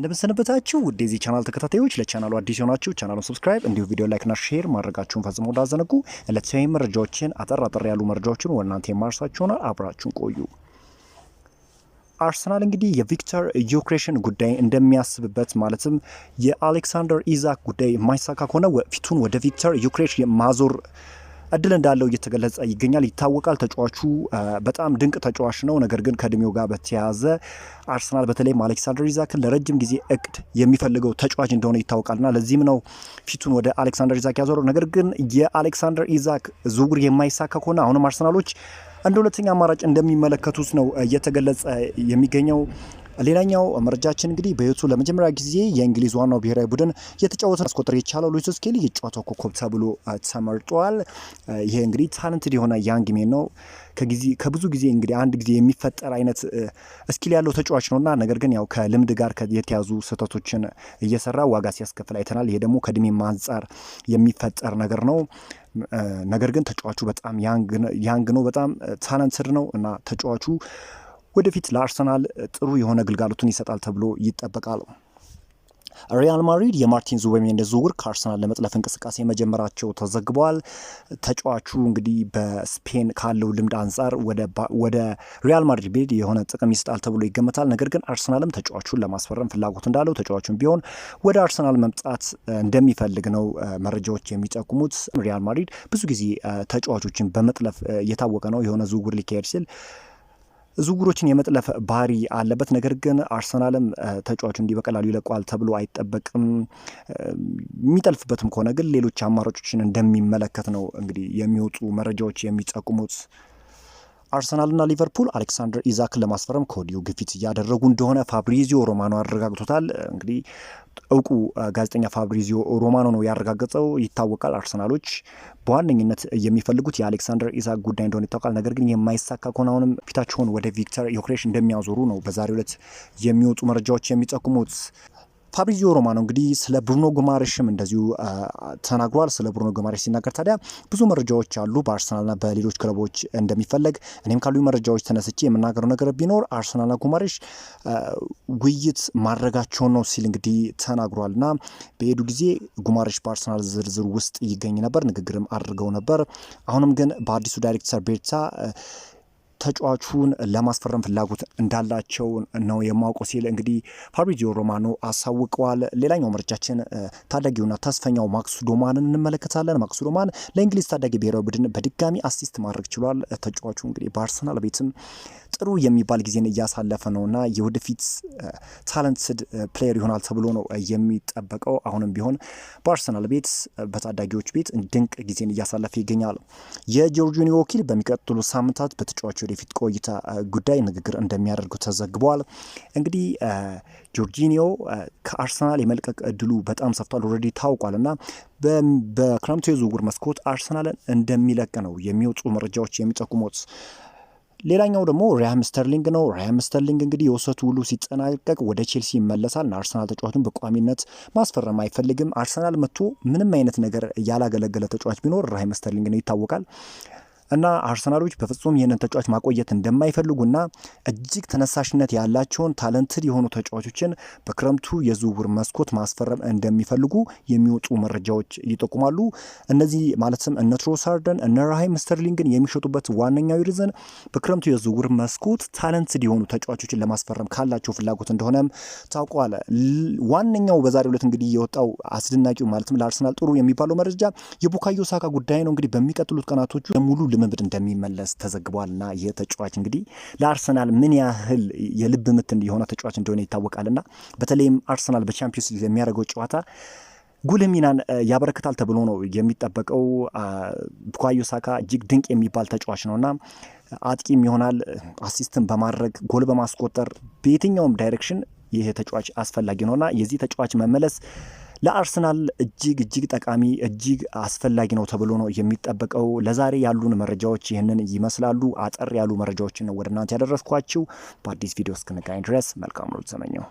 እንደምሰነበታችሁ ውድ የዚህ ቻናል ተከታታዮች፣ ለቻናሉ አዲስ የሆናችሁ ቻናሉን ሰብስክራይብ እንዲሁም ቪዲዮ ላይክ ላይክና ሼር ማድረጋችሁን ፈጽሞ እንዳዘነጉ። ዕለታዊ መረጃዎችን አጠር አጠር ያሉ መረጃዎችን ወደ እናንተ የማርሳችሁና አብራችሁን ቆዩ። አርሰናል እንግዲህ የቪክተር ዩክሬሽን ጉዳይ እንደሚያስብበት ማለትም የአሌክሳንደር ኢዛክ ጉዳይ የማይሳካ ከሆነ ፊቱን ወደ ቪክተር ዩክሬሽ ማዞር እድል እንዳለው እየተገለጸ ይገኛል፣ ይታወቃል። ተጫዋቹ በጣም ድንቅ ተጫዋች ነው። ነገር ግን ከእድሜው ጋር በተያያዘ አርሰናል በተለይም አሌክሳንደር ኢዛክን ለረጅም ጊዜ እቅድ የሚፈልገው ተጫዋች እንደሆነ ይታወቃልና ለዚህም ነው ፊቱን ወደ አሌክሳንደር ኢዛክ ያዞረው። ነገር ግን የአሌክሳንደር ኢዛክ ዝውውር የማይሳካ ከሆነ አሁንም አርሰናሎች እንደ ሁለተኛ አማራጭ እንደሚመለከቱት ነው እየተገለጸ የሚገኘው። ሌላኛው መረጃችን እንግዲህ በህይወቱ ለመጀመሪያ ጊዜ የእንግሊዝ ዋናው ብሔራዊ ቡድን የተጫወተ ማስቆጠር የቻለው ሉዊስ ስኬሊ የጨዋታው ኮከብ ተብሎ ተመርጧል። ይሄ እንግዲህ ታለንትድ የሆነ ያንግ ሜን ነው። ከብዙ ጊዜ እንግዲህ አንድ ጊዜ የሚፈጠር አይነት እስኪል ያለው ተጫዋች ነውና ነገር ግን ያው ከልምድ ጋር የተያዙ ስህተቶችን እየሰራ ዋጋ ሲያስከፍል አይተናል። ይሄ ደግሞ ከእድሜም አንጻር የሚፈጠር ነገር ነው። ነገር ግን ተጫዋቹ በጣም ያንግ ነው፣ በጣም ታለንትድ ነው እና ተጫዋቹ ወደፊት ለአርሰናል ጥሩ የሆነ ግልጋሎቱን ይሰጣል ተብሎ ይጠበቃል። ሪያል ማድሪድ የማርቲን ዙቢሜንዲን ዝውውር ከአርሰናል ለመጥለፍ እንቅስቃሴ መጀመራቸው ተዘግበዋል። ተጫዋቹ እንግዲህ በስፔን ካለው ልምድ አንጻር ወደ ሪያል ማድሪድ ቤድ የሆነ ጥቅም ይሰጣል ተብሎ ይገመታል። ነገር ግን አርሰናልም ተጫዋቹን ለማስፈረም ፍላጎት እንዳለው ተጫዋቹም ቢሆን ወደ አርሰናል መምጣት እንደሚፈልግ ነው መረጃዎች የሚጠቁሙት። ሪያል ማድሪድ ብዙ ጊዜ ተጫዋቾችን በመጥለፍ እየታወቀ ነው። የሆነ ዝውውር ሊካሄድ ሲል ዝውውሮችን የመጥለፍ ባህሪ አለበት። ነገር ግን አርሰናልም ተጫዋቹ እንዲህ በቀላሉ ይለቋል ተብሎ አይጠበቅም። የሚጠልፍበትም ከሆነ ግን ሌሎች አማራጮችን እንደሚመለከት ነው እንግዲህ የሚወጡ መረጃዎች የሚጠቁሙት። አርሰናልና ሊቨርፑል አሌክሳንደር ኢዛክን ለማስፈረም ከወዲሁ ግፊት እያደረጉ እንደሆነ ፋብሪዚዮ ሮማኖ አረጋግጦታል። እንግዲህ እውቁ ጋዜጠኛ ፋብሪዚዮ ሮማኖ ነው ያረጋገጠው ይታወቃል። አርሰናሎች በዋነኝነት የሚፈልጉት የአሌክሳንደር ኢዛክ ጉዳይ እንደሆነ ይታወቃል። ነገር ግን የማይሳካ ከሆነ አሁንም ፊታቸውን ወደ ቪክተር ዮክሬሽ እንደሚያዞሩ ነው በዛሬው ዕለት የሚወጡ መረጃዎች የሚጠቁሙት። ፋብሪዚዮ ሮማኖ እንግዲህ ስለ ብሩኖ ጉማሬሽም እንደዚሁ ተናግሯል። ስለ ብሩኖ ጉማሬሽ ሲናገር ታዲያ ብዙ መረጃዎች አሉ በአርሰናልና በሌሎች ክለቦች እንደሚፈለግ። እኔም ካሉ መረጃዎች ተነስቼ የምናገረው ነገር ቢኖር አርሰናልና ጉማሬሽ ውይይት ማድረጋቸውን ነው ሲል እንግዲህ ተናግሯል። እና በሄዱ ጊዜ ጉማሬሽ በአርሰናል ዝርዝር ውስጥ ይገኝ ነበር፣ ንግግርም አድርገው ነበር። አሁንም ግን በአዲሱ ዳይሬክተር ቤርታ ተጫዋቹን ለማስፈረም ፍላጎት እንዳላቸው ነው የማውቀው ሲል እንግዲህ ፋብሪዚዮ ሮማኖ አሳውቀዋል። ሌላኛው መረጃችን ታዳጊውና ተስፈኛው ማክስ ዶማንን እንመለከታለን። ማክስ ዶማን ለእንግሊዝ ታዳጊ ብሔራዊ ቡድን በድጋሚ አሲስት ማድረግ ችሏል። ተጫዋቹ እንግዲህ በአርሰናል ቤትም ጥሩ የሚባል ጊዜን እያሳለፈ ነውና የወደፊት ታለንትድ ፕሌየር ይሆናል ተብሎ ነው የሚጠበቀው። አሁንም ቢሆን በአርሰናል ቤት በታዳጊዎች ቤት ድንቅ ጊዜን እያሳለፈ ይገኛል። የጆርጂኒ ወኪል በሚቀጥሉ ሳምንታት በተጫዋቹ ወደፊት ቆይታ ጉዳይ ንግግር እንደሚያደርጉ ተዘግቧል። እንግዲህ ጆርጂኒዮ ከአርሰናል የመልቀቅ እድሉ በጣም ሰፍቷል፣ ኦልሬዲ ታውቋል እና በክረምቱ የዝውውር መስኮት አርሰናልን እንደሚለቅ ነው የሚወጡ መረጃዎች የሚጠቁሙት። ሌላኛው ደግሞ ራያም ስተርሊንግ ነው። ራያም ስተርሊንግ እንግዲህ የውሰቱ ውሉ ሲጠናቀቅ ወደ ቼልሲ ይመለሳል። አርሰናል ተጫዋቹን በቋሚነት ማስፈረም አይፈልግም። አርሰናል መጥቶ ምንም አይነት ነገር ያላገለገለ ተጫዋች ቢኖር ራያም ስተርሊንግ ነው፣ ይታወቃል። እና አርሰናሎች በፍጹም ይህንን ተጫዋች ማቆየት እንደማይፈልጉና እጅግ ተነሳሽነት ያላቸውን ታለንትድ የሆኑ ተጫዋቾችን በክረምቱ የዝውውር መስኮት ማስፈረም እንደሚፈልጉ የሚወጡ መረጃዎች ይጠቁማሉ። እነዚህ ማለትም እነ ትሮሳርደን እነ ራሂም ስተርሊንግን የሚሸጡበት ዋነኛው ሪዝን በክረምቱ የዝውውር መስኮት ታለንትድ የሆኑ ተጫዋቾችን ለማስፈረም ካላቸው ፍላጎት እንደሆነም ታውቋል። ዋነኛው በዛሬው ዕለት እንግዲህ የወጣው አስደናቂው ማለትም ለአርሰናል ጥሩ የሚባለው መረጃ የቡካዮ ሳካ ጉዳይ ነው። እንግዲህ በሚቀጥሉት ቀናቶቹ ሙሉ ልምምድ እንደሚመለስ ተዘግቧል እና ይህ ተጫዋች እንግዲህ ለአርሰናል ምን ያህል የልብ ምት የሆነ ተጫዋች እንደሆነ ይታወቃል እና በተለይም አርሰናል በቻምፒዮንስ ሊግ የሚያደርገው ጨዋታ ጉልህ ሚናን ያበረክታል ተብሎ ነው የሚጠበቀው። ቡካዮ ሳካ እጅግ ድንቅ የሚባል ተጫዋች ነውና አጥቂም ይሆናል፣ አሲስትን በማድረግ ጎል በማስቆጠር በየትኛውም ዳይሬክሽን ይህ ተጫዋች አስፈላጊ ነውና የዚህ ተጫዋች መመለስ ለአርሰናል እጅግ እጅግ ጠቃሚ እጅግ አስፈላጊ ነው ተብሎ ነው የሚጠበቀው። ለዛሬ ያሉን መረጃዎች ይህንን ይመስላሉ። አጠር ያሉ መረጃዎችን ወደ እናንተ ያደረስኳችሁ። በአዲስ ቪዲዮ እስክንገናኝ ድረስ መልካም ሰመኘው። ዘመኘው።